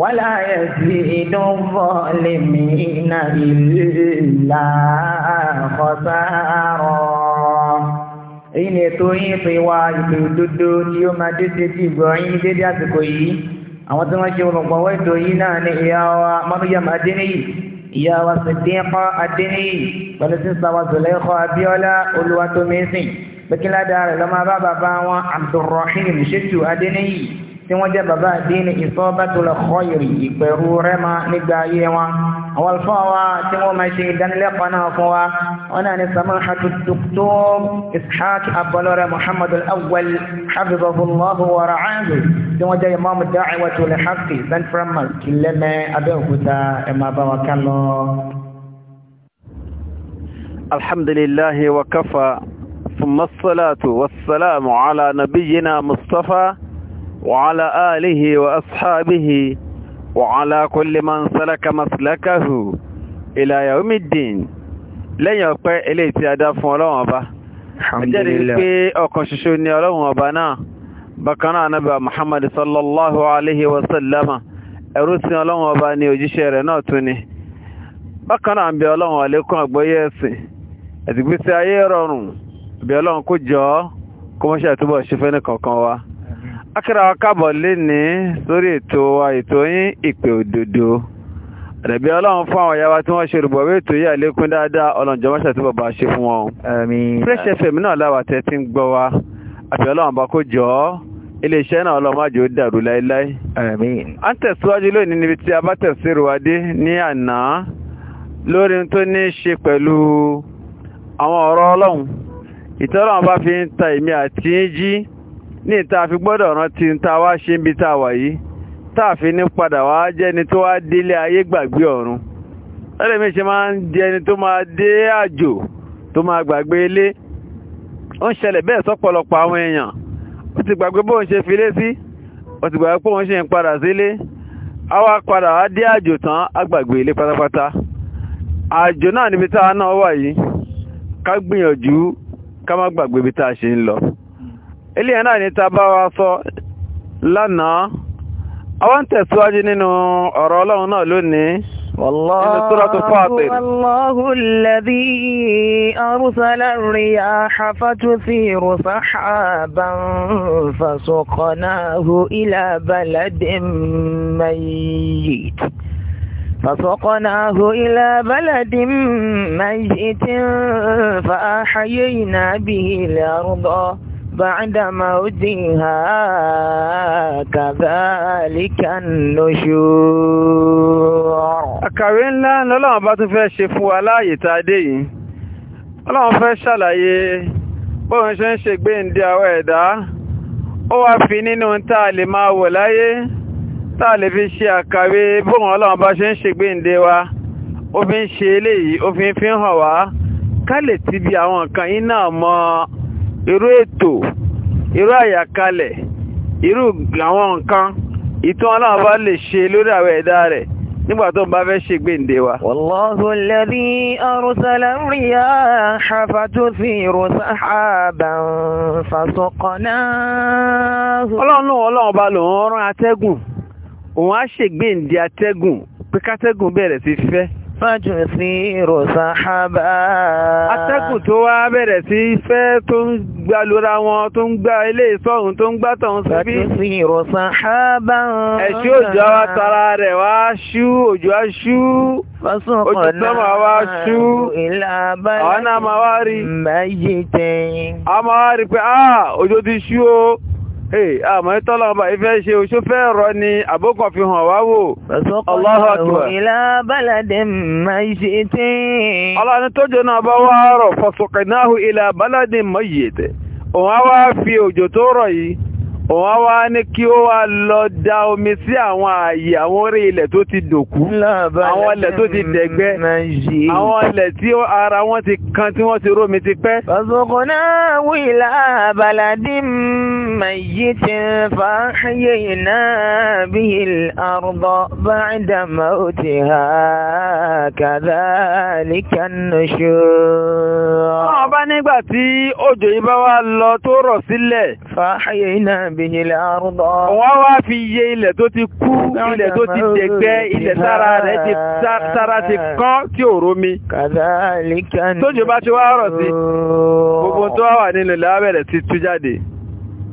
wàlá ẹ̀sìn ìdánwò lèmi iná ìlà ọ̀sáàrọ̀. èyí ni ètò yín fi wá ìpè òdodo tí ó máa dédé sí ìgbọ̀ yín ní dédé àsìkò yìí àwọn tí wọ́n ṣe olùgbọ̀wọ́ ètò yìí náà ni ìyá wa Maryam Adéníyì ìyá wa Siddiqa Adéníyì pẹ̀lú sísá wa Zulaikha Abíọ́lá Olúwatómísìn pẹ̀kíládàá rẹ̀ lọ́mọ bá bàbá wọn Abdulrahim Ṣètù Adéníyì tí wọ́n jẹ́ bàbá àdínì ìsọ́bẹ́tòlẹ̀ kọ́yìrì ìpẹ̀rù rẹ́mà nígbà ayé wọn àwọn alfáà wa tí wọ́n máa ṣe ìdánilẹ́kọ̀ọ́ náà fún wa wọn náà ni samahatu dr ishaq abọlọrẹ muhammad al-awwal habibullahu wa tí wọ́n jẹ́ imam da'watu al-haqqi central mosque lẹ́mẹ́ abẹ́òkúta ẹ̀ máa bá wa kán wa kafa ثم الصلاة والسلام على نبينا مصطفى وعلى آله وأصحابه وعلى كل من سلك مسلكه إلى يوم الدين lẹ́yìn ọpẹ́ eléyìí tí a dá fún ọlọ́run ọba ẹjẹ́rìí pé ọ̀kan ṣoṣo ni ọlọ́run ọba náà bákan náà ànábì muhammad sallallahu alaihi wasallama ẹrú sí ọlọ́run ọba ni òjíṣẹ́ rẹ̀ náà tún ni bákan náà ń bẹ ọlọ́run àlékún àgbọ́yé ẹ̀sìn ẹ̀sìgbésí ayé rọrùn bí ọlọ́run kó jọ ọ́ kó mọ́ṣẹ́ àtúbọ̀ ṣe fẹ́ ní kankan wa akíra kábọ̀ lé sórí ètò wa yín ìpè òdodo àdàbí ọlọ́run fún àwọn ìyá tí wọ́n ṣe olùbọ̀wé ètò yìí àlékún dáadáa ọlọ́run jọmọ́ ṣàtúbọ̀ bá ṣe fún wọn. Fresh FM náà láwà tẹ́ ti ń gbọ́ wa àbí ọlọ́run bá kó jọ ọ́ iléeṣẹ́ náà ọlọ́run má jẹ́ ó dàrú láéláé. à ń tẹ̀síwájú lónìí níbi tí a bá tẹ̀síwájú ní àná lórí tó ní ṣe pẹ̀lú àwọn ọ̀rọ̀ ọlọ́run ìtọ́lọ́run bá fi ń ta èmi àti yín jí ní taa fi gbọ́dọ̀ rántí ta wá ṣe ń bi wà yìí táàfin ní padà wá jẹ́ni tó wá délé ayé gbàgbé ọ̀run ẹlẹ́mi ṣe máa ń di ẹni tó máa dé àjò tó máa gbàgbé ilé ó ń ṣẹlẹ̀ bẹ́ẹ̀ sọ́pọ̀lọpọ̀ àwọn èèyàn ó ti gbàgbé bóun ṣe sí ó ti gbàgbé bóun ṣe ń padà sílé a wá padà wá dé àjò tán á gbàgbé ilé pátápátá àjò náà níbi náà wà yìí ká lọ. ilé أنا náà ní ta bá wa sọ lánàá àwọn tẹ̀síwájú nínú ọ̀rọ̀ ọlọ́run والله والله الذي أرسل الرياح فتثير سحابا فسقناه إلى بلد ميت فسقناه إلى بلد ميت فأحيينا به الأرض بعد موتها كذلك النشور àkàwé ńlá lọ́lọ́wọ́n bá tún fẹ́ ṣe fún wa láàyè tá a dé yìí ọlọ́wọ́n fẹ́ ṣàlàyé bóun ṣe ń ṣe gbé ǹdí àwọn ẹ̀dá ó wá fi nínú tá a lè máa wò láyé tá a lè fi ṣe àkàwé bóun ọlọ́wọ́n bá ṣe ń ṣe gbé ǹdí wa ó fi ń ṣe eléyìí ó fi ń fi hàn wá ká lè ti bi àwọn nǹkan yìí náà mọ́ ọ irú ètò irú àyàkalẹ̀ irú àwọn nǹkan ìtàn Ọlọ́run bá lè ṣe lórí àwọn ẹ̀dá rẹ̀ nígbà tó ń bá fẹ́ ṣe gbéǹde wa. Wallahu alladhi arsala riyaha fatuthiru sahaban fasuqnahu. ọlọ́run ọlọ́run bá lòun rán atẹ́gùn òun á ṣègbéǹde atẹ́gùn pé kátẹ́gùn bẹ̀rẹ̀ sí fẹ́ fàjùsírò sàhábà. atẹ́kùn tó wá bẹ̀rẹ̀ sí fẹ́ tó ń gba lóra wọn tó ń gba ilé ìsọ̀hún tó ń gbá tọ̀hún síbí. fàjùsírò sàhábà. ẹ̀ṣú òjò wa tara rẹ̀ wá ṣú òjò wa ṣú. ojú sọ́mọ̀ wa ṣú. àwọn náà máa wá yé tẹ́yìn. a máa wá rí pé ah, òjò ti ṣú o àmọ́ ìtọ́lọ́ ọba ìfẹ́ ṣe oṣù fẹ́ rọ ni àbókan fi hàn wá wò Allahu Akbar. ila baladin mayyitin. ọlọ́ni tó jẹ́ náà bá wá rọ̀ fasuqnahu ila wọ́n wá ní kí ó wá lọ da omi sí àwọn ààyè àwọn orí ilẹ̀ tó ti dòkú àwọn ilẹ̀ tó ti dẹ̀gbẹ́ àwọn ilẹ̀ tí ara wọn ti kan tí wọ́n ti rómi ti pẹ́. ọ̀sùnkùn náà wù ilà àbàládì ti fa ayé iná bí àrùbọ̀ bá dàmà ó ti hà kàdá níkà nùṣó. wọ́n bá nígbà tí òjò yìí bá wá lọ tó rọ̀ sílẹ̀. fa ayé iná bihi al-ardh. Wọ́n fi yẹ ilẹ̀ tó ti kú, ilẹ̀ tó ti dẹ̀gbẹ́, ilẹ̀ sára rẹ̀ ti sára ti kán tí ò rómi. Kadhalika ni. Tójú ti wá rọ̀ sí, gbogbo tó wà nínú ilẹ̀ á bẹ̀rẹ̀ sí tú jáde.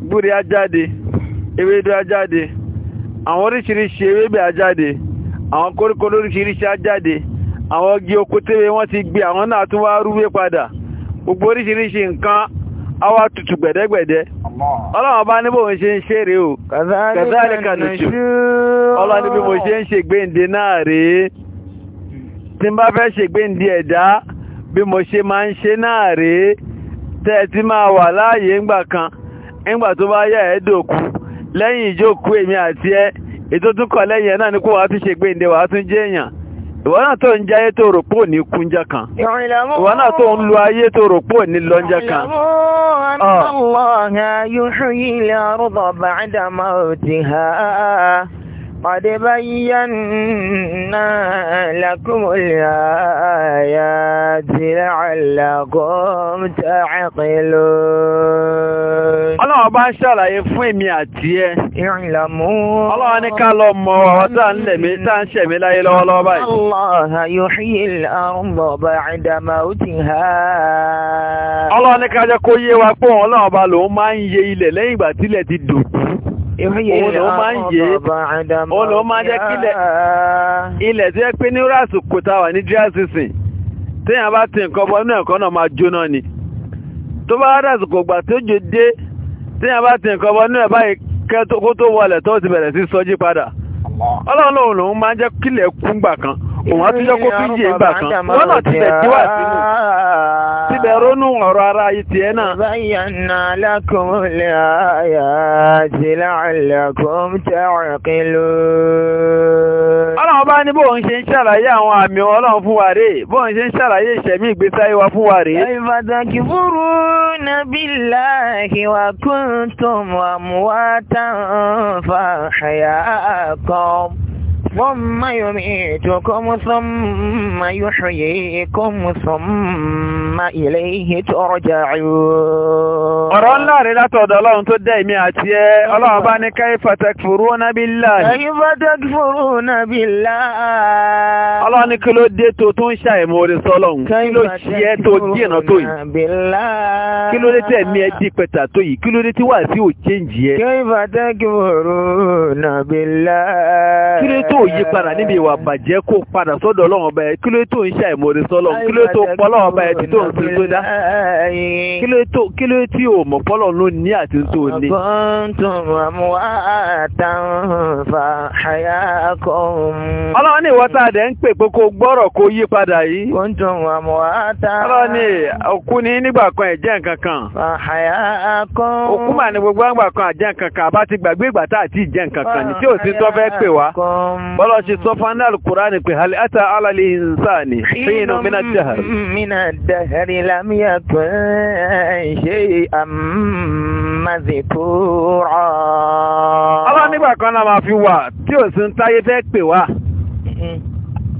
Gbúre á jáde, ewédú á jáde, àwọn oríṣiríṣi ewébẹ̀ á jáde, àwọn koríko lóríṣiríṣi ti gbé àwọn náà tún wá rúwé padà. Gbogbo oríṣiríṣi nǹkan awa tutu gbẹ̀dẹ́gbẹ̀dẹ́ ọlọ́run ní ṣe ń ṣe o kàzáàlìkà nùtù ọlọ́run ní bí mo ṣe ń ṣe gbéǹde náà rèé tí n bá fẹ́ ṣe gbéǹde ẹ̀dá bí mo ṣe máa ń ṣe náà rèé tẹ́ ẹ ti máa wà láàyè ńgbà kan ńgbà tó bá yà ẹ́ dòkú lẹ́yìn ìjókòó èmi àti ìwọ náà tó ń jẹ ayé tó rò pò ní kúnjẹ kan ìwọ náà tó ń lo ayé tó rò pò ní lọ́njẹ kan. Ah. Allah yuhyi al-arda ba'da mawtiha. قد بينا لكم الآيات لعلكم تعقلون ọlọ́wọ́ bá ń ṣàlàyé fún èmi àti ẹ ìrìnlẹ̀mú ọlọ́wọ́ ní ká lọ mọ̀ ọ̀rọ̀ tá ń lẹ̀mí tá ń ṣẹ̀mí láyé lọ́wọ́lọ́wọ́ báyìí Allah yuhyil arda ba'da mawtiha ọlọ́wọ́ ní ká jẹ́ kó yé wa pé òun ọlọ́wọ́ bá lòun máa ń yẹ ilẹ̀ lẹ́yìn ìgbà tílẹ̀ ti dòkú onu ilẹ̀ tí ẹ pé ní rásù kò tá wà ní díásìsìn téèyàn bá ti nǹkan bọ inú ẹ̀kọ́ náà máa jóná ni tó bá rásù kò gbà tó jò dé téèyàn bá ti nǹkan bọ inú ti bẹ̀rẹ̀ sí padà ọlọ́run lòun máa jẹ́ kílẹ̀ kúngbà kan. òun àtijọ́ kó fíjì ìgbà kan wọ́n náà ti bẹ̀tí wà sínú síbẹ̀ rónú ọ̀rọ̀ ara ìtì ẹ̀ náà. bayyana lakum al-ayati la'allakum ta'qilun. ọlọ́run bá ní bóun ṣe ń ṣàlàyé àwọn àmì ọlọ́run fún wa rèé bóun ṣe ń ṣàlàyé ìṣẹ̀mí ìgbésí ayé wa fún wa rèé. ìfàtàkì fúru billahi wa kuntum amwatan fa ahyaakum. ثم يميتكم ثم يحييكم ثم إليه ترجعون ọ̀rọ̀ ńlá rẹ̀ látọ̀dọ̀ ọlọ́run tó dẹ́ ìmí àti ẹ ọlọ́run bá ní kaifa takfuruna billahi. kaifa takfuruna billahi. ọlọ́run ní kí ló dé tó tó ń ṣàìmoore sọ́lọ́run kí ló ṣe é tó jìnnà tó yìí kí ló dé di pẹ̀tà tó yìí kí ló dé tó yí padà níbi ìwà bàjẹ́ kó padà sọ́dọ̀ ọlọ́run ọba ẹ̀ kí ló tó ń ṣe àìmọ̀re sọ́lọ́run kí ló tó pọ́lọ́ ọba ẹ̀ tí tó ń fi tó dá kí ló tí ò mọ̀ pọ́lọ́ ló ní àti tó ní. ọlọ́run ní ìwọ́ta ń kan ẹ̀jẹ̀ nǹkan kan. òkú mà ní gbogbo kan àjẹ́ nǹkan kan àbá ti gbàgbé ìgbà tá nǹkan kan ní bọ́lọ̀ ṣe sọ fánà alkùránì pé halitta alali insani ṣíyìnà mina dahar mina dahar lamiya tó ṣe àmàzìkúrọ̀ ọlọ́ kan náà ma fi wà tí ò sí ń táyé fẹ́ pè wá mm-hmm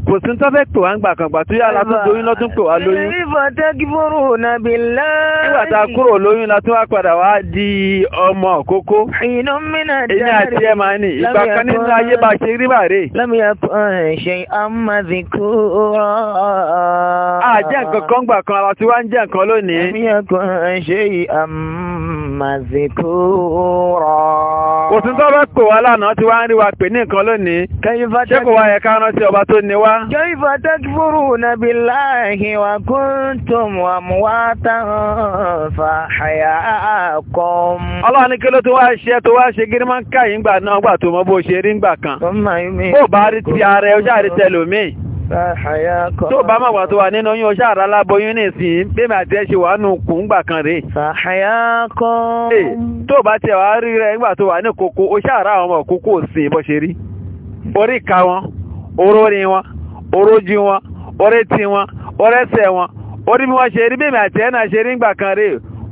kò sí tó fẹ́ pè wá ń gbà kan gbà tó yára tó doyún lọ́tún pè wá lóyún. ìfọ̀ tẹ́gífóró nàbí láàyè. nígbà tá a kúrò lóyún la tún wá padà wá di ọmọ òkókó. ìnú mìíràn dáre èyí àti ẹ̀ máa ní ìgbà kan nínú ayé bá ṣe rí bàrè. lámìyà ṣe amáfi kú a jẹ́ nǹkan kan gbà kan àti wá ń jẹ́ nǹkan lónìí. lámìyà ṣe amáfi kú kò sí tó fẹ́ wá lánàá tí wá ń rí wa pè ní nǹkan lónìí. kẹ́yìn fọ́tẹ́ wa. Kayfa takfuruna billahi wa kuntum amwatan fa ahyaakum. Ọlọ́run ní kí ló tó wá ṣe tó wá ṣe gírímọ̀ káyìí ńgbà náà gbà tó mọ bó kan. ba Tó bá máa wà tó wà nínú oyún ọṣá àrá ní ìsìn kù ń kan Tó bá rí rẹ̀ nígbà tó wà ní ọṣá àrá àwọn ọmọ kókó rí. Orí ìka wọn, orójì wọn orétí wọn orẹ́sẹ̀ wọn orí bí wọn ṣe rí bèmí àti ẹ̀nà ṣe rí ń gbà kan rè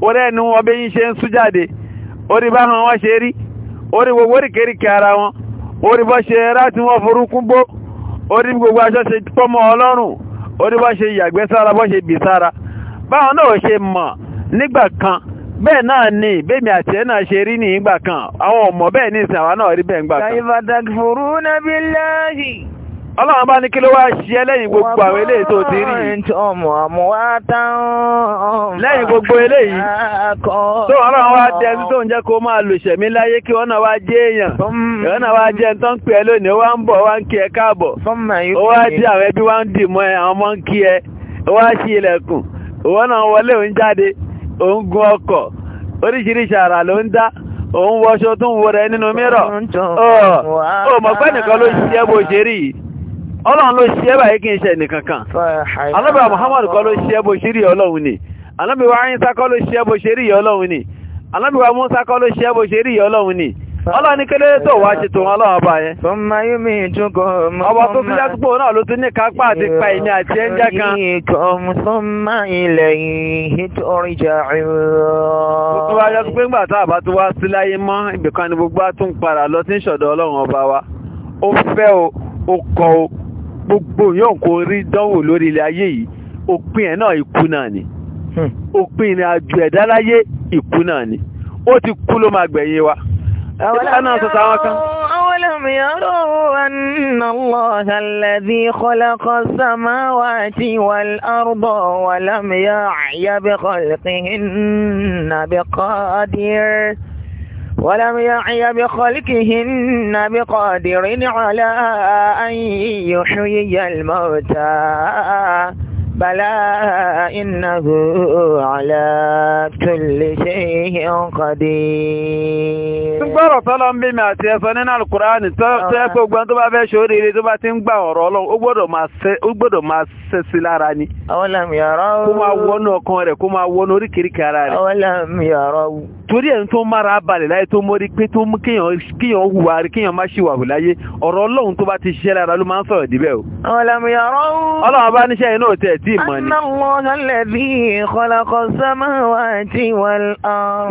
orí ẹnu wọn ṣe ń sú jáde orí bá hàn ṣe rí orí gbogbo oríkèéríkè ara wọn orí bọ́ ṣe ráti wọn forúkún bó orí gbogbo aṣọ ṣe pọ́mọ́ ọlọ́run orí bọ́ ṣe yàgbẹ́ sára bọ́ ṣe bì sára báwọn náà ṣe mọ̀ nígbà kan bẹ́ẹ̀ náà ọlọ́run bá ní kí ló wá ṣe lẹ́yìn gbogbo àwọn eléyìí tó ti rí lẹ́yìn gbogbo eléyìí tó ọlọ́run wá jẹ́ tó ń jẹ́ kó máa lò ṣẹ̀mí láyé kí wọ́n náà wá jẹ́ èèyàn ìwọ́n náà wá jẹ́ tó ń pè ẹ́ lónìí wá ń bọ̀ wá ń kí ẹ káàbọ̀ ó wá jẹ́ àwọn ẹbí wá ń ẹ àwọn ọmọ ń kí ẹ ó wá ilẹ̀kùn ìwọ́n náà wọlé òun jáde òun gun ọkọ̀ oríṣiríṣi ló ń dá òun wọṣọ tó ń wọrẹ nínú mìíràn ó mọ̀ pẹ́ nìkan ló ṣiṣẹ́ bó ṣe ọlọ́run ló ṣe báyìí kí n ṣe nìkankan anábìwá muhammadu kọ́ ló ṣe bó ṣe rí ọlọ́run ni anábìwá ayinsa kọ́ ló ṣe bó ṣe ọlọ́run ni anábìwá musa kọ́ ló ṣe bó ṣe rí ọlọ́run ni ọlọ́run ní kéde tó wá ṣe mi ìdúkọ mọ. ọba tó fi dákúgbò náà ló tún ní kápá àti pa ìní àti ẹ̀jẹ̀ kan. ìkọ̀m sọmọ ilẹ̀ yìí ni gbogbo wa tún padà lọ sí ìṣọ̀dọ̀ ọlọ́run ọba wa. ó fẹ́ o ó kọ̀ o gbogbo yóò kó rí dánwò lórí ilẹ̀ ayé yìí òpin ẹ̀ náà ikú náà ni hmm. òpin ìrìn àjò ẹ̀dá láyé ikú náà ni ó ti kú ló máa gbẹ̀yìn wa ẹ̀dá náà أولم يروا أن الله الذي خلق السماوات والأرض ولم يعي بخلقهن بقادر ولم يعي بخلقهن بقادر على أن يحيي الموتى بلى إنه على كل شيء قدير gbọ́rọ̀ tọ́lọ ń bí mi àti ẹsọ nínú alukùránì tó yẹ gbọ́n tó bá fẹ́ ṣòrí rí tó bá ti ń gbà ọ̀rọ̀ ọlọ́run máa ṣẹ́ sí lára ni kó máa wọnú ọkàn rẹ̀ kó máa wọnú oríkèéríkèé ara rẹ̀ torí ẹ̀ tó mára balẹ̀ láyé tó mórí pé tó mú kíyàn hùwà rí kíyàn má ṣìwà hù láyé ọ̀rọ̀ ọlọ́run tó bá ti ṣiṣẹ́ lára ló máa ń sọ̀rọ̀ díbẹ̀ o. ọlọ́run bá níṣẹ́ inú òtẹ́ tí mọ̀ ni.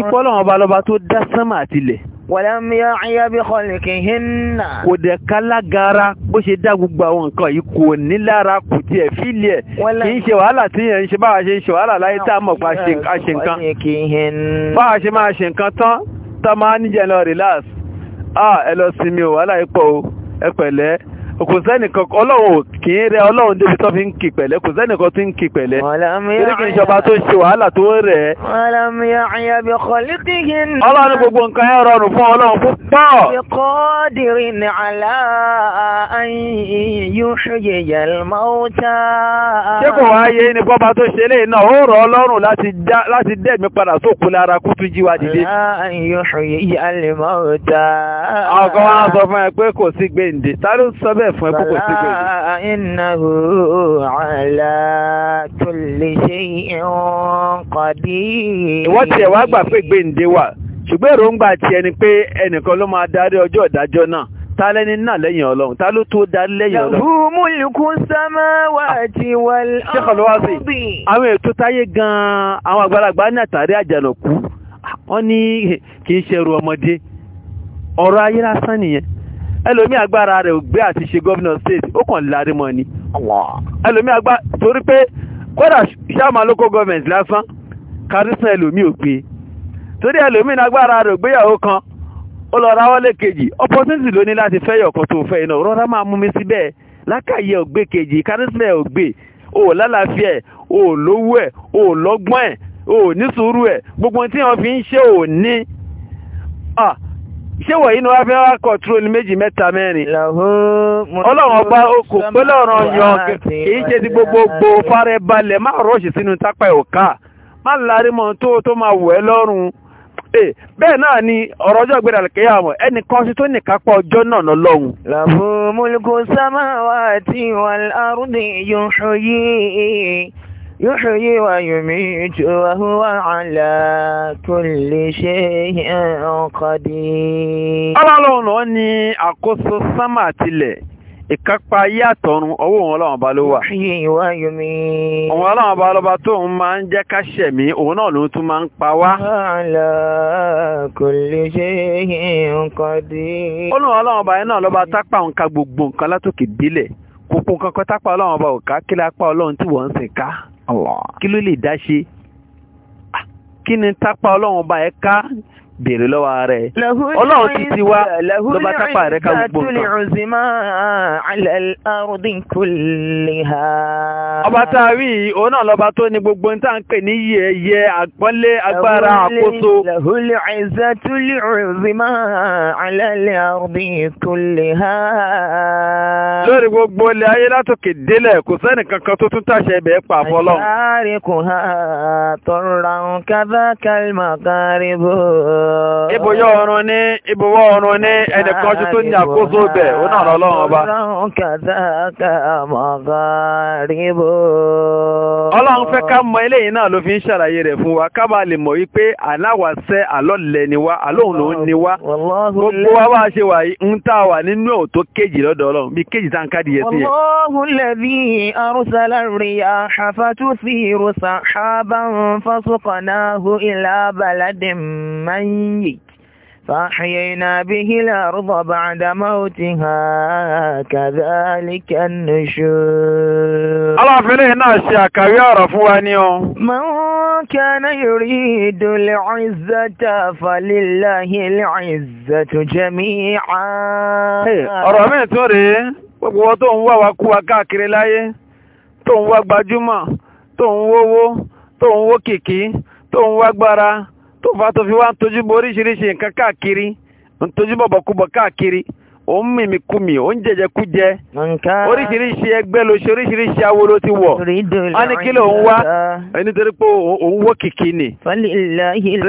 ìpọ́lọ́run ọba lọ́ba tó dá sánmà àtilẹ̀ wọ̀lẹ́m yá ayá bí kọlìkì hínà. kò dẹ̀ kálágara bó ṣe dá gbogbo àwọn nǹkan yìí kò ní lára kò tiẹ̀ fílì ẹ̀ kì í ṣe wàhálà tí yẹn ń ṣe báwa ṣe ń ṣe wàhálà láyé tá a mọ̀ pa a ṣe nǹkan báwa ṣe máa ṣe nǹkan tán tá máa níjẹ̀ lọ rìláàsì ah, ẹ lọ sinmi o wàhálà ipò ẹ pẹ̀lẹ́ kò sẹ́nìkan ọlọ́run kì í rẹ ọlọ́run débi tó fi ń kì pẹ̀lẹ́ kò sẹ́nìkan tí ń kì pẹ̀lẹ́ torí kì ṣọba tó ṣe wàhálà tó rẹ̀ ọlọ́run gbogbo nǹkan ẹ rọrùn fún ọlọ́run púpọ̀. ìkọ́dìrì ṣé kò wá yé ni bọ́ba tó ṣe lè náà ó rọ ọlọ́run láti dẹ́mi padà sókù lára kú tún jíwa dìde. ọkọ̀ wa sọ fún ẹ pé kò sí gbèǹde sáré sọ bẹ́ẹ̀ sílẹ̀ fún ẹ kókò sí pẹ̀lú. bàbá innahu ala kulli shay'in qadir. ìwọ́n tiẹ̀ wá gbà pé gbèǹde wà ṣùgbọ́n èròǹgbà tiẹ̀ ni pé ẹnìkan ló máa darí ọjọ́ ìdájọ́ náà ta lẹ́ni náà lẹ́yìn ọlọ́run ta ló tó darí lẹ́yìn ọlọ́run. lahu mulku samawati wal ah, ardi. àwọn ètò táyé gan-an àwọn àgbàlagbà ní àtàrí àjànàkú wọ́n ní kì í ṣẹrù ọmọdé ọ̀rọ̀ ayé lásán nìyẹn ẹlòmí agbára rẹ̀ ò gbé àti ṣe gọ́vnà state ó kàn láre mọ́ ni ẹlòmí agbára torí pé kódà ṣáàmà local government lásán kárísán ẹlòmí ò gbé torí ẹlòmí agbára rẹ̀ ò gbéyàwó kan ó lọ rawọ́ lé kejì opportunity ló ní láti fẹ́ yọ̀kan tó fẹ́ iná rọ́rá máa mú mi síbẹ̀ lákàyè ò gbé kejì kárísán ẹ̀ ò gbé ò lálàáfíà ò lówó ẹ̀ ò lọ́gbọ́n ẹ̀ ò ní sùúrù ẹ̀ gbogbo tí wọ́n fi ń ṣe ò ní ṣé wọ̀nyí ni wọ́n fi wá kọ̀túrò ní méjì mẹ́ta mẹ́rin ọlọ́run ọba okò pẹ́lọ́run yan kìí ṣe ti gbogbogbò fara balẹ̀ má rọ́ọ̀ṣì sínú tápá ìwòká má lárí mọ́ tó tó máa wọ̀ ẹ́ lọ́rùn eh, bẹ́ẹ̀ náà ni ọ̀rọ̀ ọjọ́ ìgbéra kẹ́yà mọ̀ ẹnì kan sí tó ní kápá ọjọ́ náà ná lọ́hùn. lahu mulku samawati wal ardi yuhyi يحيي ويميت وهو على كل شيء قدير. ọlọ́run ló ní àkóso sánmà tilẹ̀ ìkápá ayé àtọ̀run ọwọ́ òun ọlọ́run bá ló wà. yìí wá yomi. òun ọlọ́run bá lọ́ba tó ń máa ń jẹ́ ká ṣẹ̀mí òun náà ló tún máa ń pa wá. àlà kò lè ṣe nǹkan dé. bá yẹn náà lọ́ba tápà òun ka gbogbo nǹkan látòkè délẹ̀ kókó kankan tápà ọlọ́run bá òun ká kí lápá ọlọ́run tí wọ́n ń sìn ká kí ló lè dá ṣe ah, kí ni tápá ọlọ́run ọba ẹ̀ ká béèrè lọ́wọ́ rẹ̀ ọlọ́run ti ti wá ló bá tápà rẹ̀ ká gbogbo nǹkan. ọba tá a rí yìí òun náà lọ́ba tó ní gbogbo ní tá à ń pè ní yẹ yẹ àpọ́nlé agbára àkóso. lahul izzatu lil uzma ala al ardi kulliha. lórí gbogbo ilé ayé látòkè délẹ̀ kò sẹ́ni kankan tó tún tàṣẹ ibẹ̀ pa àbọ̀ lọ. àṣàrí kò hà tọrọ ra ń kábàkàlì màkàrí bò. Ibùyọ́ ọ̀run ní ibùwọ́ ọ̀run ní ẹnìkan ṣe tó ní àkóso bẹ̀, ó náà lọ́lọ́run ọba. Ọlọ́run fẹ́ ká mọ eléyìí náà ló fi ń ṣàlàyé rẹ̀ fún wa, ká bá lè mọ̀ wípé aláwàṣẹ́ alọ́lẹ̀ ni wá, alóhùn ló ń wá. Gbogbo wa bá ṣe wà ń tà wà nínú ò tó lọ́dọ̀ Ọlọ́run, bí kéjì tá ń káàdì yẹ sí yẹ. Ọlọ́hun lẹ́bí arúsálà rí àhàfàtú sí ìrùsà ṣáàbà ń fásùkọ̀ náà hù ìlà bàládìn الميت فأحيينا به الأرض بعد موتها كذلك النشور aláfilẹ̀ náà ṣe àkàrí ọ̀rọ̀ fún wa ní o. من كان يريد العزة فلله العزة جميعا. ọ̀rọ̀ mi tún rèé gbogbo wọn tó ń wá wa kú wa káàkiri láyé tó ń wá gbajúmọ̀ tó ń wówó tó ń wó kìkì tó ń wá gbára. tó fa tó fi wá ń tojú oríṣiríṣi nǹkan káàkiri ń tojú bọ̀ káàkiri ó ń ó ń jẹjẹ kú jẹ oríṣiríṣi ẹgbẹ́ ló ṣe oríṣiríṣi awo ti wọ̀ á ní kí ló ń wá pé òun wó kìkì ni torí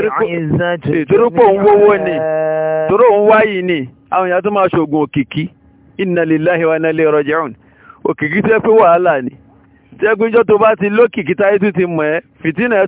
pé òun wówó ni torí wàhálà ni tẹ́gbẹ́jọ́ tó bá ti lókìkí táyé tún ti mọ̀ ẹ́ fìtínà ẹ̀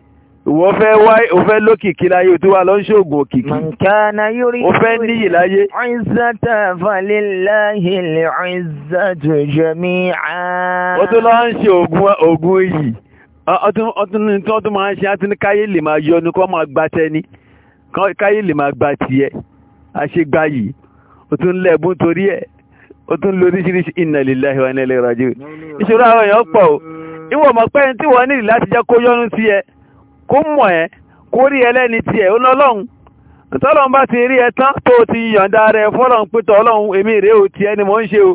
Ìwọ fẹ́ wá òfẹ́ lókìkí láyé tó wà lọ ń ṣògùn òkìkí. Mọ̀nkánà yóò rí òfẹ́ níyì láyé. Ìzàtà fàlélàhì lè ìzàtò jẹ̀mí àá. Ó tún lọ ń ṣe ògùn iyì. Ọtún tó tún máa ń ṣe á ní káyé lè máa yọ ní kọ́ máa gba tẹ́ni. Káyé lè máa gba tiẹ̀. Àṣegbá yìí. Ó tún lẹ́bùn torí ẹ̀. Ó tún lóríṣiríṣi inna lillahi wa inna ilaihi raji'un. kó mọ̀ ẹ́ kó rí ẹlẹ́ni tiẹ̀ ó bá ti rí ẹ tó ti yọ̀ǹda rẹ fọ́lọ́n pítọ̀ ọlọ́run èmi rèé ni mò ń ṣe o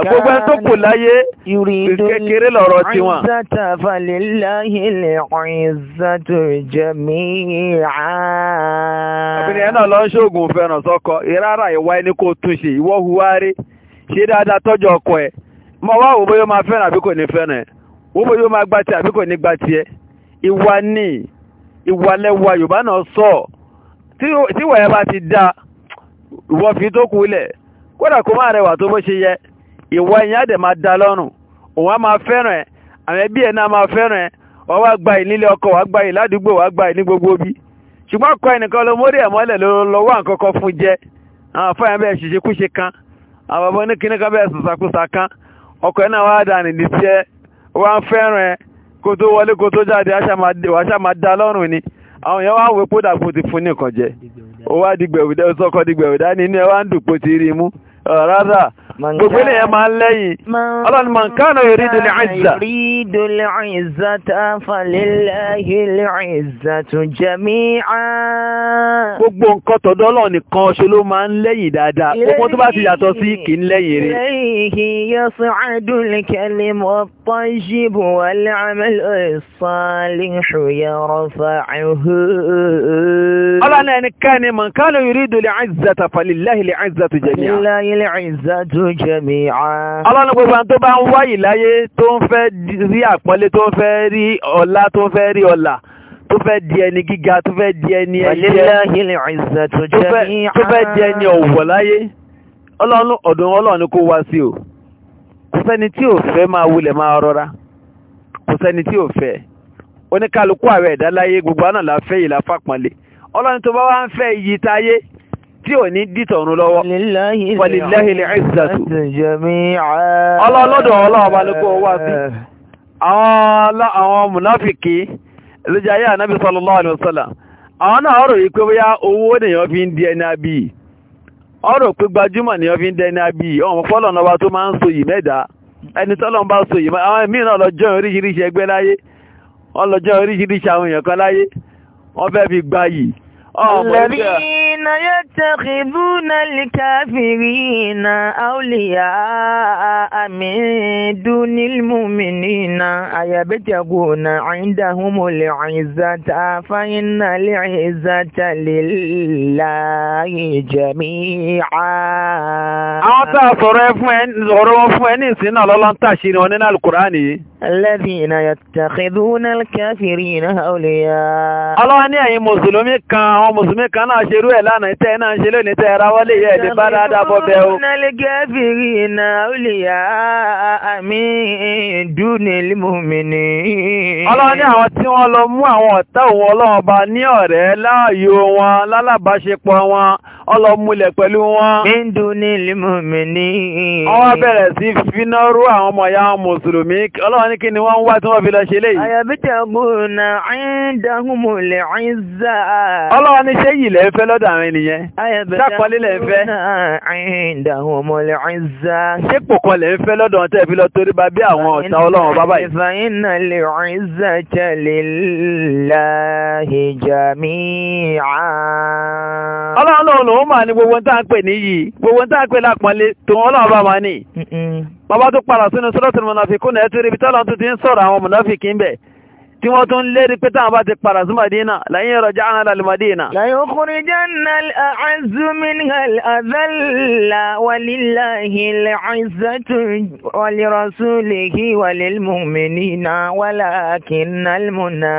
àgbógbá tó kù láyé kékeré lọ̀rọ̀ tiwọn. náà lọ ń ṣoògùn fẹ́ràn sọ́kọ ìwà ẹni kò ọkọ ẹ̀ wá wò bóyá máa fẹ́ràn ní fẹ́ràn ẹ̀ wò bóyá ìwà ni ìwàlẹ́wà yorùbá náà sọ tí ẹ bá ti dá ìwọ fi tó kú lẹ̀ kódà kó má rẹwà tó bó ṣe yẹ ìwà ìyẹn àdè máa dá lọ́rùn òun á máa fẹ́ràn ẹ̀ àwọn ẹbí ẹ̀ náà máa fẹ́ràn ọkọ wá gba ìládùúgbò wá gba ìní gbogbo bí ṣùgbọ́n kọ ẹnìkan ló mórí lọ́wọ́ àkọ́kọ́ fún àwọn bẹ́ẹ̀ kó tó wọlé kó tó jáde wàá ṣàmà dá lọ́rùn ni àwọn èèyàn wá wò pó dàpọ̀ fún nìkan jẹ ó wá dìgbẹ̀wìdá ó sọ́kọ́ dìgbẹ̀wìdá ní inú ẹ wá ń dùpò ti rí mú rárá gbogbo ènìyàn máa ń lẹ́yìn ọlọ́run man kana yuridu al-'izza. yuridu al-'izzata falillahi al-'izzatu jami'an. gbogbo nǹkan tọ̀dọ̀ ọlọ́run nìkan ṣe ló máa ń lẹ́yìn dáadáa gbogbo tó bá ti yàtọ̀ sí kì í lẹ́yìn rẹ̀. ilayhi yas'adu al-kalimu الطيب والعمل الصالح يرفعه الله لا كان من كان يريد العزة فلله العزة جميعا لله العزة جميعا الله لا gbogbo tó bá ń wáyé láyé tó ń fẹ́ rí àpọ́nlé tó ń fẹ́ rí ọlá tó ń fẹ́ rí ọlá tó fẹ́ di ẹni gíga tó fẹ́ di ẹni ẹ̀jẹ́ walillahi al-izzatu jami'an tó fẹ́ di ẹni ọ̀wọ̀ láyé ọlọ́run ọ̀dọ̀ ọlọ́run kó wá sí o kò tí ò fẹ́ máa wulẹ̀ máa rọra kò tí ò fẹ́ oníkálukú ààrẹ gbogbo àná la yìí la ọlọ́ni tó bá wá ń fẹ́ iyì táyé tí ò ní dìtọ̀run lọ́wọ́ walillahil izzatu ọlọ́lọ́dọ̀ ọlọ́ọ̀bá ló ọ̀rọ̀ pé gbajúmọ̀ ni wọ́n fi ń dẹni abí ọmọ fọ́lọ̀ náà tó máa ń so yìí ẹni tọ́lọ̀ ń bá so yìí àwọn míì náà oríṣiríṣi ẹgbẹ́ láyé wọ́n lọ jẹ́ oríṣiríṣi àwọn èèyàn kan láyé wọ́n fẹ́ fi gbayì الذين يتخذون الكافرين أولياء من دون المؤمنين أيبتغون عندهم العزة فإن العزة لله جميعا àwọn tá a sọ̀rọ̀ ẹ fún ẹ sọ̀rọ̀ wọn fún ẹ ní ìsìn náà lọ́lọ́ ń tàṣírí wọn nínú alukùránì yìí. الذين يتخذون الكافرين أولياء. ọlọ́wọ́ ní ẹ̀yin mùsùlùmí kan àwọn mùsùlùmí kan náà ṣe rú ẹ̀ lánàá tẹ́ náà ṣe lónìí tẹ́ yẹ bá dáadáa bọ́ bẹ́ o. ọlọ́run ní àwọn tí wọ́n lọ mú àwọn ọ̀tá òun ọlọ́run ní ọ̀rẹ́ láàyò wọn lálàbáṣepọ̀ wọn ọlọ́múlẹ̀ pẹ̀lú wọn. bẹ̀rẹ̀ ọmọ ya mùsùlùmí ọlọ́run kí ni wọ́n ń wá tí wọ́n fi lọ ṣe léyìí. àyàbí tẹ̀gùn náà ń dáhùn ọlọ́wọ́ ní ṣé yìí lẹ́ lọ́dọ̀ àwọn ènìyàn sápọ́lé lẹ́ ń fẹ́ ṣé pòkan lẹ́ ń fẹ́ lọ́dọ̀ ọ̀tẹ́ torí bá bí àwọn ọ̀tá ọlọ́wọ́ bábá yìí. ìfàyínà lè rìn zàtà ní gbogbo tá à ń pè níyì gbogbo ń pè tí wọ́n tún lérí pé táwọn bá ti padà sí Madina lẹ́yìn ìrọ̀já àwọn alàlù Madina. lẹ́yìn ọkùnrin jẹ́nà àzúmin àzálà wàlíláhi lẹ́ẹ̀ẹ́sẹ̀tù wàlírọ̀súlẹ̀hì wàlílmùmìnínà wàlákìnnàlmùnà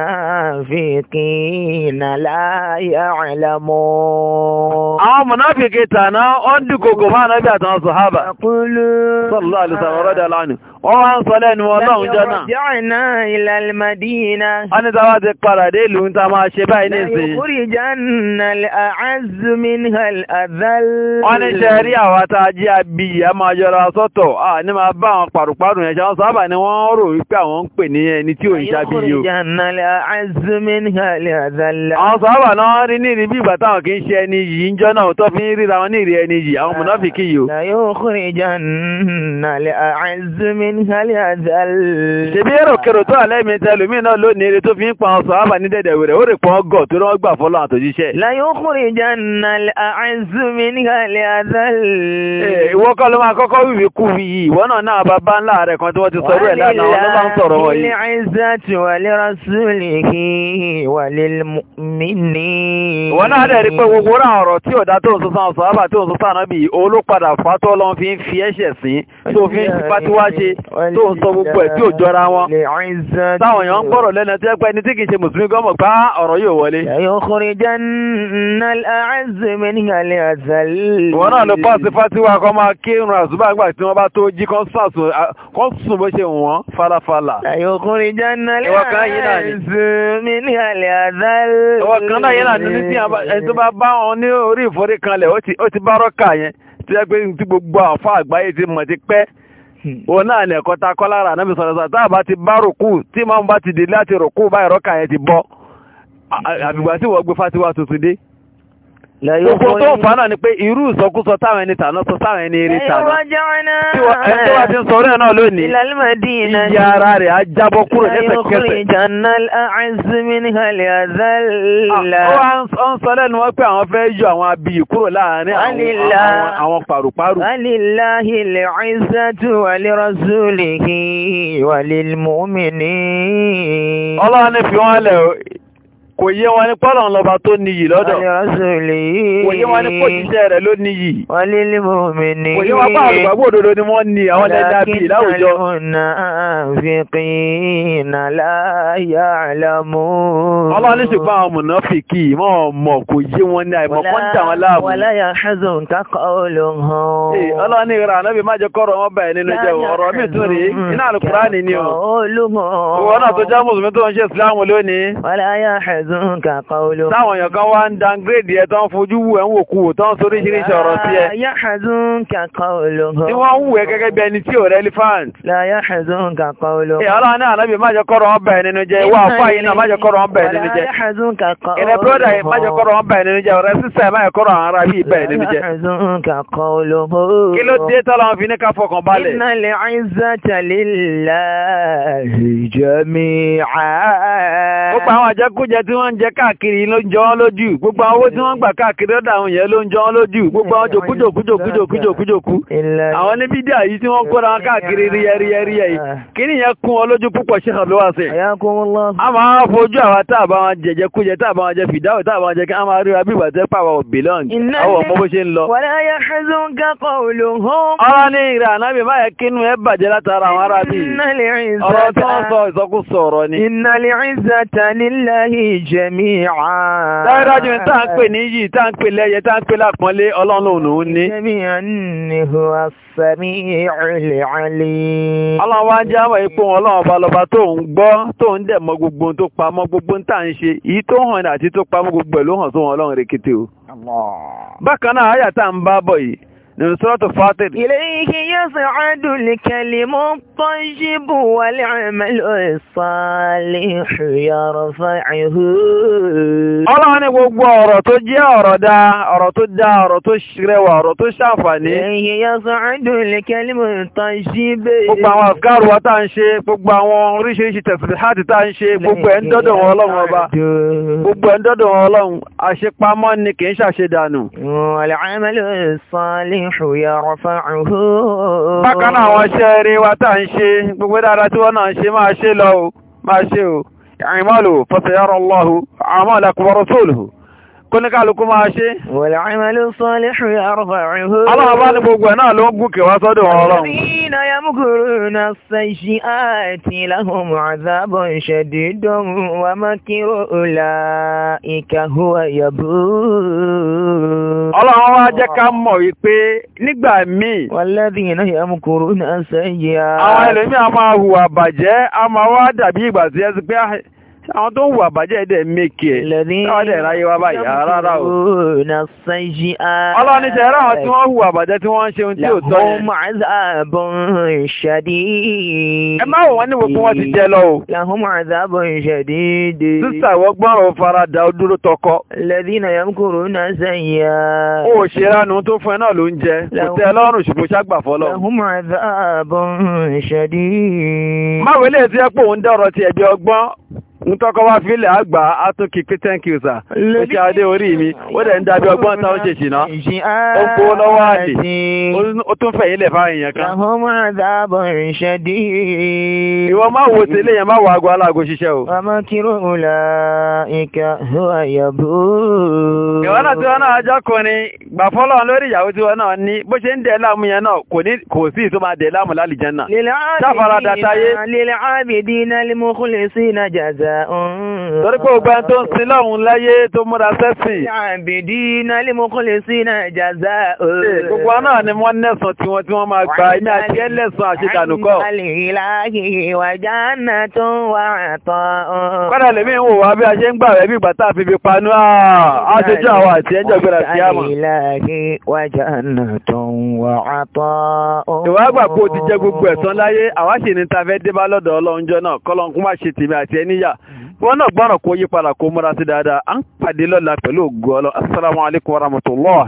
fìkìnnà láyà àlámọ́. àwọn mùnáfìkì tàná ó ń dúkokò máa nábì àtàwọn sọ̀hábà. àkúlù. sọ̀rọ̀ lọ́wọ́ àlùsàn ọ̀rọ̀ dà lánàá. wọ́n wá ń sọ lẹ́nu ọlọ́run jọ́nà. jọ́nà ilal Madina. a ní sábà ti paradé ìlú ń ta máa ṣe báyìí nìsí. ìkúrì jọ́nà al-a'azzu minha al-adhall. wọ́n ní ṣe rí àwa tá a jẹ́ abiyì a máa yọra sọ́tọ̀ a ní máa bá àwọn pàrùpàrù yẹn ṣáwọn sábà ni wọ́n rò wípé àwọn ń pè ní ẹni tí ò ń ṣàbíyì o. ìkúrì jọ́nà al-a'azzu minha al-adhall. àwọn sábà náà rí ní ìrìn bí ìgbà táwọn kì jọ́nà tó fi àwọn mùnáfìkì o. la yukhrijanna al min hali azal. ṣebí ẹ̀rọ kẹrò tó àlẹ́ mi náà lónìí eré tó fi ń pa ọ̀sán àbá ní dẹ̀dẹ̀ wẹ̀rẹ̀ ó rè pọ̀ ọgọ̀ tó rán gbà fọlọ́ àtòjíṣẹ́. la yukhrijanna al-a'azzu min hali azal. ìwọ kọ́ ló máa kọ́kọ́ wíwí kú yìí ìwọ náà náà bàbá ńlá rẹ̀ kan tí wọ́n ti sọ̀rọ̀ ẹ̀ lánàá wọn ló ń fi ń fi sí tó fi ń fi pátíwá ṣe tó ń sọ gbogbo ẹ̀ tí ò jọra wọn táwọn èèyàn ń gbọ́rọ̀ lẹ́nu tí ẹgbẹ́ ni tí kìí ṣe mùsùlùmí gọ́mọ̀ pa ọ̀rọ̀ yóò wọlé. ìwọ̀n náà ló bọ́ sí fásiwá kọ́ máa kí irun àzúbà gbà tí wọ́n bá tó jí kọ́ sùn bó ṣe wọ́n falafala. ìwọ̀n kan yìí náà ni ìwọ̀n kan náà yìí náà ní orí ìforíkanlẹ̀ ó yẹn tí gbogbo Hmm. òun náà ni ẹ̀kọ́ ta kọ́ lára ànábì sọ̀rọ̀ sọ̀rọ̀ tá a bá ti bá rùkú tí màmú bá ti dé láti rùkú báyìí rọ́kà yẹn ti bọ́ àbìgbà tí wọ́n gbé fatiwa tuntun dé. Gbogbo tó fà náà ni pé irú ìsọkúsọ táwọn ẹni tàná sọ sáwọn ẹni eré tàná. Tí wọ́n ẹni tó wá ti ń sọ ẹ̀ náà lónìí, ìyá ara rẹ̀ á jábọ́ kúrò lẹ́sẹ̀kẹsẹ̀. Ah, ó ń sọ lẹ́nu wọ́n kúrò láàárín àwọn pàrùpárù. Alilahi le ní. Ọlọ́run ni fi wọ́n lẹ̀ kò yé wọn ní pọ́lọ̀ ńlọba tó níyì lọ́dọ̀ kò yé wọn ní pòṣìṣẹ́ rẹ̀ ló níyì kò yé wọn bá àlùbàbò òdodo ni wọ́n ní àwọn ẹ̀dá láwùjọ. ọlọ́run ìrà ànábì má jẹ́ kọ́rọ̀ wọn báyìí nínú jẹ́ ọ̀rọ̀ mi tún rèé iná àlùkùránì ni o. ìwọ náà tó já mùsùlùmí tó ń ṣe ìsìláàmù lónìí yahzunka qawluhum. táwọn èèyàn kan wá ń downgrade ẹ̀ tó ń fojú wù ẹ̀ ń wò kúwò tó ń soríṣiríṣi ọ̀rọ̀ sí ẹ. yahzunka qawluhum. tí wọ́n ń wù ẹ́ gẹ́gẹ́ bí ẹni tí ò relevant. la yahzunka qawluhum. ìyá ọlọ́run náà alábì má jẹ́ kọ́rọ̀ ọba ẹ̀ nínú jẹ́ ìwà àfọ àyìn náà má jẹ́ kọ́rọ̀ ọba ẹ̀ nínú jẹ́. ìrẹ́ bróda yìí má jẹ́ kọ́rọ̀ ọba ẹ̀ nínú jẹ́ ọ̀rẹ́ sísá ẹ̀ má jẹ́ kọ́rọ̀ ara bí ibà ẹ̀ nínú jẹ́. kí ló dé tọ́lọ́ fi ní ká fọkàn balẹ̀. innal izzata lillahi jami'a. ó pa àwọn àjẹkújẹ tí wọ́n ń jẹ káàkiri ló ń jọ wọ́n lójú gbogbo owó tí wọ́n ń gbà káàkiri lọ́dọ̀ àwọn yẹn ló ń lójú gbogbo àwọn jòkújòkújòkújòkújòkú àwọn ní bídíà yìí tí wọ́n kóra wọn káàkiri ríyẹríyẹríyẹ yìí kí ni kún wọn lójú púpọ̀ ṣe hàn lówà sí. a máa fojú àwọn tá a bá wọn jẹjẹ kújẹ tá a bá wọn jẹ fìdáwò tá a bá wọn jẹ kí a máa ríra bí ìbàjẹ́ pàwọ̀ àwọn ọmọ bó ṣe ní ìrẹ̀ ànábì jẹ̀míà. dájúdájú tá à ń pè ní yìí tá à ń pè lẹ́yẹ tá ń pè lápọ́nlé ọlọ́run ní. ni huwa sami'ul alim. ọlọ́run wá jẹ́ àwọn ipò ọlọ́run ọba lọ́ba tó ń gbọ́ tó ń dẹ̀ mọ gbogbo tó o. bákan náà àyà tá à ń ilé ike يصعد الكلم الطيب والعمل الصالح يرفعه ọlọ́run ni gbogbo ọ̀rọ̀ tó jẹ́ ọ̀rọ̀ dá ọ̀rọ̀ tó dá ọ̀rọ̀ tó ṣẹwà ọ̀rọ̀ tó ṣàǹfààní. èyí يسعد الكلم الطيب. gbogbo àwọn àfikàrù wa tá à ń ṣe gbogbo àwọn oríṣiríṣi tẹ̀síláàtì tá à ń ṣe gbogbo ẹ̀ ń dọ́dọ̀ wọn ọlọ́run ọba gbogbo ẹ̀ ń dọ́dọ̀ wọn ọlọ́run àṣepamọ́ ni kì í ṣàṣedànù. والعمل الصالح يرفعه. Bákan náà àwọn iṣẹ́ rí wa tá ń ṣe gbogbo dáadáa tí wọ́n náà ṣe máa ṣe lọ máa ṣe o. Ìrìnmọ́lù fọ́sẹ̀yọ́rọ̀ lọ́hù, àmọ́ ìlàkùnbọ̀rọ̀ sóòlù kóníkàlùkú máa ṣe. Wal amalu salihu yarfa'uhu. Allah bá ní gbogbo ẹ̀ náà ló ń gúnkè wá sọ́dọ̀ wọn ọlọ́run. Alladhina yamkuruna sayyi'ati lahum 'adhabun shadidun wa makru ula'ika huwa wá jẹ́ ká mọ̀ wípé nígbà míì. Walladhina yamkuruna sayyi'ati. Àwọn ẹlòmíì a máa hùwà bàjẹ́, a máa wá dàbí ìgbà tí ẹ ah, àwọn tó ń wà bàjẹ́ dẹ̀ mẹ́kẹ̀ e. ọ̀dẹ̀ ráyé wá báyìí rárá o. ọlọ́ni tẹ̀ ráwọn tí wọ́n hùwà bàjẹ́ tí wọ́n ń ṣeun tí ò tọ́ ẹ má wọ́n ní gbogbo wọn ti jẹ lọ o. sísà wọ́n ò fara da ó dúró tọkọ. alladhina ṣe ránu tó fún ẹ náà ló ń jẹ kò tẹ ẹ lọ́rùn ṣùgbọ́n ṣàgbà fọlọ́. lahum azabun shadid. ti ẹ pé òun dọ̀rọ̀ ti ẹ̀bí ọgbọ́n ń tọ́kọ́ wá fílẹ̀ àgbà átúnkì pé thank you ó ṣe adé orí mi ó dẹ̀ ń dábí ọgbọ́n táwọn ṣe ṣìná ó ń lọ́wọ́ àdè ó tún fẹ̀yìn lẹ̀ fáwọn èèyàn kan. àhọ́mọ́ àdáàbọ̀ ìrìnṣẹ́ dí. ìwọ máa wo tẹ́lẹ̀ yẹn máa wọ aago aláàgó ṣiṣẹ́ o. àmọ́ kíró ńlá ìka ó àyàbò. ìwọ náà tí wọn náà ajá kan ni gbà fọlọ́ lórí ìyàwó tí wọn náà ní bó ṣe ń dẹ̀ torí pé ògbà tó ń sin lọ́hùn láyé tó múra sẹ́sì. àbìdí iná ilé mú kún lè sí iná ìjàzá o. gbogbo àná ni wọ́n nẹ̀sán tí wọ́n tí wọ́n máa gba iná àti ẹlẹ́sàn àṣetànù kọ́. àlìláàgì ìwàjà náà tó ń wà àtọ̀. kọ́dà lèmi ń wò wá bí a ṣe ń gbà rẹ̀ bí ìgbà tá a fi fi panú à á ṣe jọ àwọn àti ẹjọ́ gbéra sí àmọ́. ìwà àgbà kó ti jẹ gbogbo ẹ̀san láyé àwa sì ní ta fẹ́ dé bá lọ́dọ̀ ọlọ́run jọ náà kọ́lọ́nkún wọn náà gbọ́ràn kó yí padà kó múra sí dáadáa à ń pàdé lọ́la pẹ̀lú ògo ọlọ́ assalamu alaikum warahmatullah